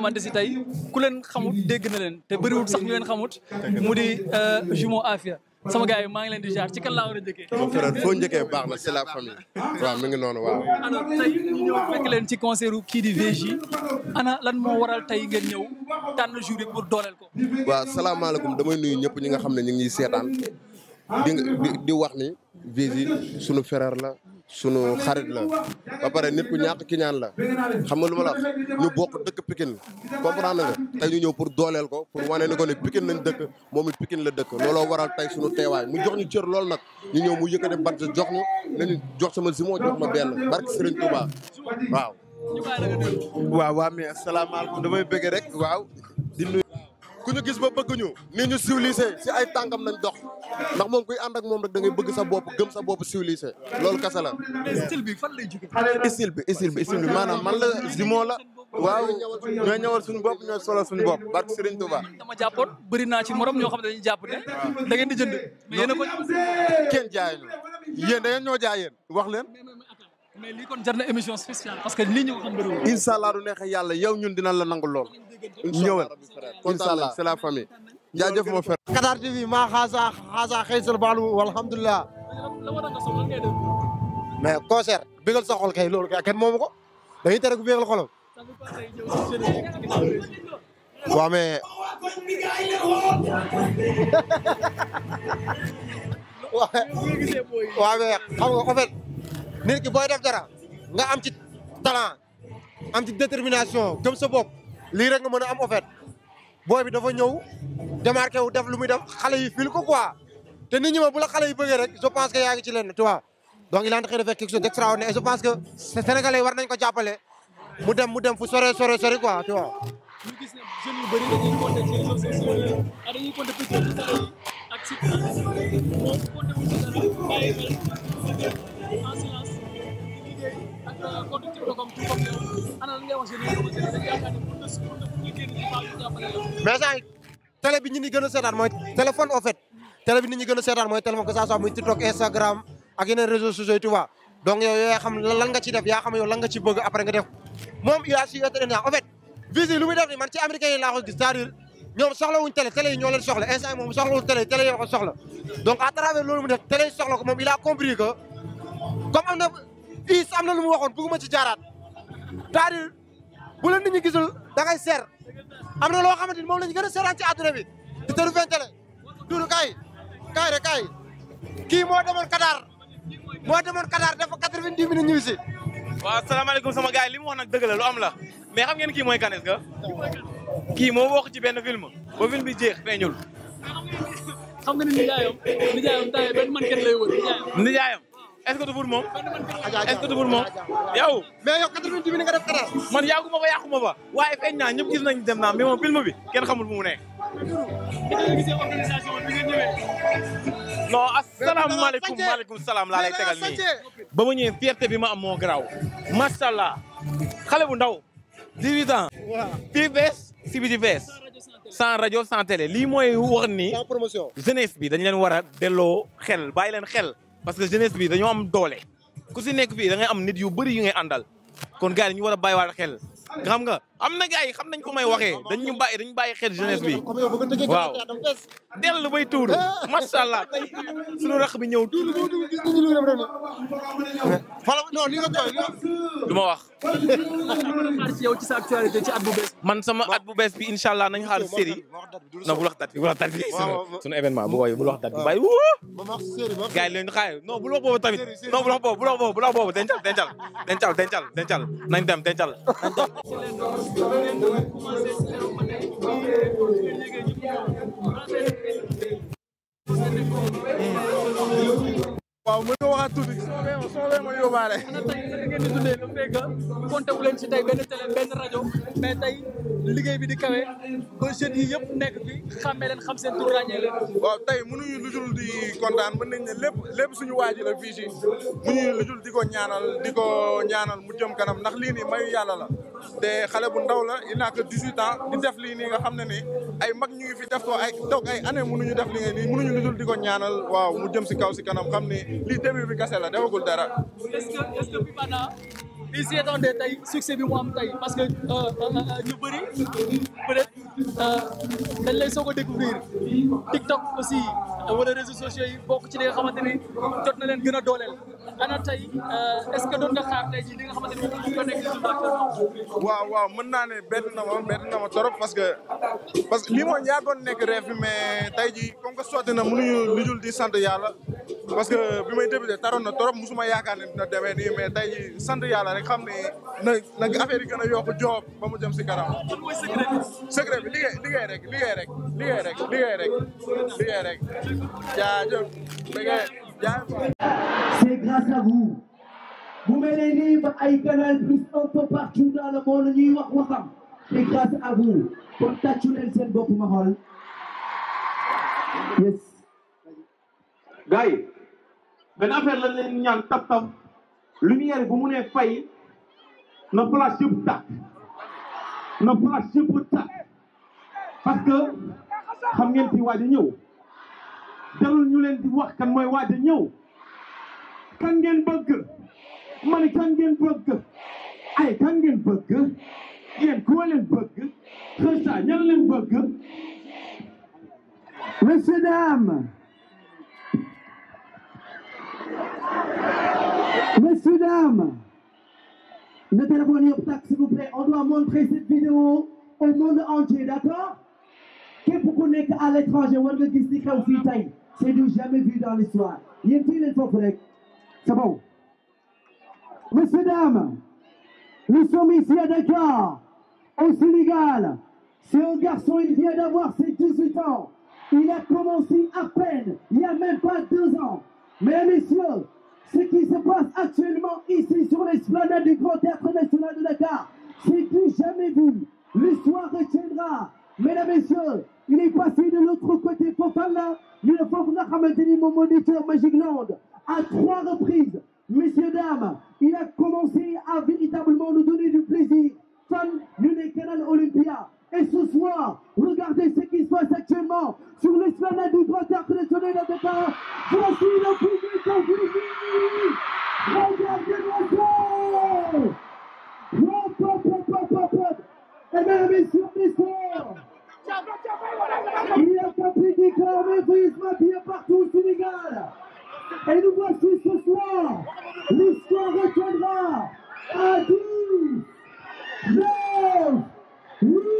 xamante si tey ku leen xamut dégg na leen te bëriwul sax ñu leen xamut mu di euh, jumeau Afia sama gars yi maa ngi leen di jaar ci kan laa war a njëkkee. foo baax na c'est la famille. waaw mi ngi noonu waaw. alors tey ñu ñëw fekk leen ci concert u kii di lan moo waral tey ngeen ñëw tànn jury pour dooleel ko. waaw salaamaaleykum damay nuyu ñëpp ñi nga xam ne ñu ngi ñuy seetaan di wax ni VJ la. sunu xarit la ba pare nit ku ñàkk ki ñaan la xam nga lu ma la ñu bokk dëkk Pikine comprendre nga tey ñu ñëw pour dooleel ko pour wane ni ko ne Pikine lañ dëkk moom i Pikine la dëkk looloo waral tey sunu teewaay mu jox ñu cër loolu nag ñu ñëw mu yëkkati bant jox ñu nañu jox sama simo jox ma benn barke Serigne Touba waaw waaw waaw mais asalaamaaleykum damay bëgg rek waaw di nuyu ku ñu gis ba bëgg ñu ni ñu civilisé si ay tànkam nañ dox ndax moom kuy ànd ak moom rek da ngay bëgg sa bopp gëm sa bopp civilisé loolu kese la. style bi fan lay jóge. style bi style bi style bi maanaam man la Zimo la. waaw ñooy ñëwal suñu bopp ñooy solo suñu bopp barke Serigne Touba. dama jàppoon bëri naa ci morom ñoo xam ne dañuy jàpp ne. da ngeen di jënd mais yéen a ko. kenn jaay ñoo jaay yéen wax leen. lii kon jar na émission parce que lii ñu ko xam bëriwul. yàlla yow ñun dinañ la nangu lool ñëwal incha allah c'est la famille. jaajëf ma fer. Qatar TV maa xaasa xaasa xëysal baalu alhamdulilah. mais concert bégal sa xol kay loolu kay kenn moomu ko dañuy tere ku bégal xolam. waaw mais. waaw nit ki booy def dara nga am ci talent am ci détermination gëm sa li rek nga mën am offert boy bi dafa ñëw démarqué wu def lu muy def xalé yi fil ko quoi té nit ñi ma bu la xalé yi bëgg rek je pense que yaa ci lenn tu vois donc il est en train de faire quelque chose d'extraordinaire je pense que sénégalais war nañ ko jappalé mu dem mu dem fu soré soré soré quoi tu vois ñu gis ne jeunes yu mais saa télé bi ñu ngi gën a seetaan mooy téléphone au fait télé bi nit ñu gën a seetaan mooy téléphone que ça soit muy TikTok Instagram ak yeneen réseaux sociaux yi tu donc yow yaa xam lan nga ci def yaa xam yow lan nga ci bëgg après nga def moom il a su être en fait visi lu muy def ni man ci américains yi laa ko gis cest wu dire ñoom soxlawuñ yi ñoo leen soxla instant moom soxlawul télé télé yoo ko soxla donc à travers loolu mu def télé yi soxla ko moom il compris que comme am na Iis am na lu mu waxoon bëgguma ci jaaraat c'est-à-dire bu leen nit ñi gisul da seer am na loo xamante ni moom la ñu gën a seeraan ci àdduna bi di tëru fentele duudu kaay kaay rek kii moo demoon Qatar moo demoon Qatar dafa quatre-vingt-dix minutes ñëw si waaw salaamaaleykum sama gars yi li mu wax la lu am xam ngeen kii mooy kan est-ce kii moo wax ci benn film ba film bi jeex feeñul xam nga ni nijaayam man kenn lay wër nijaayam est-ce que duful moom est-ce moom yow mais yow 90 bi ni man yàgguma ko yàquma ba waaye feeñ naa ñëpp gis nañ dem naa mais moom film bi kenn xamul mu nekk non asalaamaaleykum maaleykum salaam laa lay tegal nii ba ma ñëwee fierté bi ma am moo garaaw macha allah xale bu ndaw 18 ans fii bees si bi rajo sans lii mooy wax ni bi dañ leen war a delloo xel bàyyi leen xel parce que jeunesse bi dañoo am doole ku si nekk fii da am nit yu bëri yu ngay àndal kon gars yi ñu war a bàyyiwaat xel xam nga amna na xam nañ ko may waxé dañ ñu bay dañ bay xel jeunesse bi waaw dellu bay tuuru macha allah suñu rax bi ñëw. fala no li nga koy duma wax. man sama at bu bes bi inshallah nañ xal série na bu wax dat bi wax dat bi sunu événement bu way bu wax dat bi bàyyi wuu. gars leen xay no bu wax bobu tamit no bu wax bobu bu wax bobu bu wax bobu dencal dencal dencal dencal dencal nañ dem dencal. waaw mën nga waxaat tuuti soo ma yóbbaale. tey leen si tey benn télé liggéey bi di kawe ba jeunes yi yëpp nekk fi xàmmee leen xam seen tur ràññee leen. waaw tey mënuñu lu dul di kontaan mën nañ ne lépp lépp suñu waa ji la fii si mënuñu lu dul di ko ñaanal di ko ñaanal mu jëm kanam ndax lii nii mayu yàlla la. te xale bu ndaw la il n'a que 18 ans def lii nii nga xam ne ni ay mag ñu fi def ko ay toog ay année mënuñu def li nga nii mënuñu lu dul di ko ñaanal waaw mu jëm si kaw si kanam xam ni lii début bi kase la defagul dara. est-ce que est-ce que Bibana il s'y bi mu am tey parce que euh, euh, euh, ñu bëri peut-être dañ lay soog a découvrir TikTok aussi wala réseaux sociaux yi bokk ci li nga xamante jot na leen gën a dooleel. ana euh, ce que doon nga waaw waaw mën naa ne bett na ma bett na ma trop parce que parce que lii moo ñaagoon nekk rêve bi mais tey ji comme que na mënuñu lu dul di sant yàlla parce que bi may débuté taroon na trop musuma yaakaar ne dina demee nii mais tey ji sant yàlla rek xam ne na nag affaire yi gën a yokk joob ba mu jëm si karam lan mooy secret bi. secret rek liggéey rek liggéey rek C'est grâce à vous. bu mel ay Canal Plus un peu partout dans le wax waxam c'est grâce à vous kon tàccu leen seen bopp ma xool yes. gars yi benn affaire lañ leen lumière bu mu ne fay na place yëpp tàkk place yëpp tàkk que xam ngeen fi dalul ñu leen di wax kan mooy waaj a ñëw kan ngeen bëgg ma ni kan ngeen bëgg ay kan ngeen bëgg yéen ku leen bëgg xësa ñan leen bëgg monsieur dame monsieur dame ne téléphonez pas s'il vous plaît on doit montrer cette vidéo au monde entier d'accord képp ku nekk à l'étranger war nga gis li xew fii tey c'est du jamais vu dans l'histoire. Il il le foofu c'est bon. Messieurs, dames, nous sommes ici à Dakar, au Sénégal. C'est un garçon, il vient d'avoir ses 18 ans. Il a commencé à peine, il n'y a même pas deux ans. Mais Messieurs, ce qui se passe actuellement ici sur l'esplanade du Grand Théâtre National de Dakar, c'est du jamais vu. L'histoire retiendra. Mesdames, Messieurs, il est passé de l'autre côté, pour là. Il a foofu nga xamante mon Magic Land à trois reprises messieurs dames il a commencé à véritablement nous donner du plaisir fan unique, Canal Olympia et ce soir regardez ce qui se passe actuellement sur l'esplanade du Grand international. de Dakar voici le public en regardez-moi ça et eh bien messieurs messieurs il a tapé des clamérises bien partout au Sénégal. Et nous voici ce soir. L'histoire retiendra à 10, 9, 8,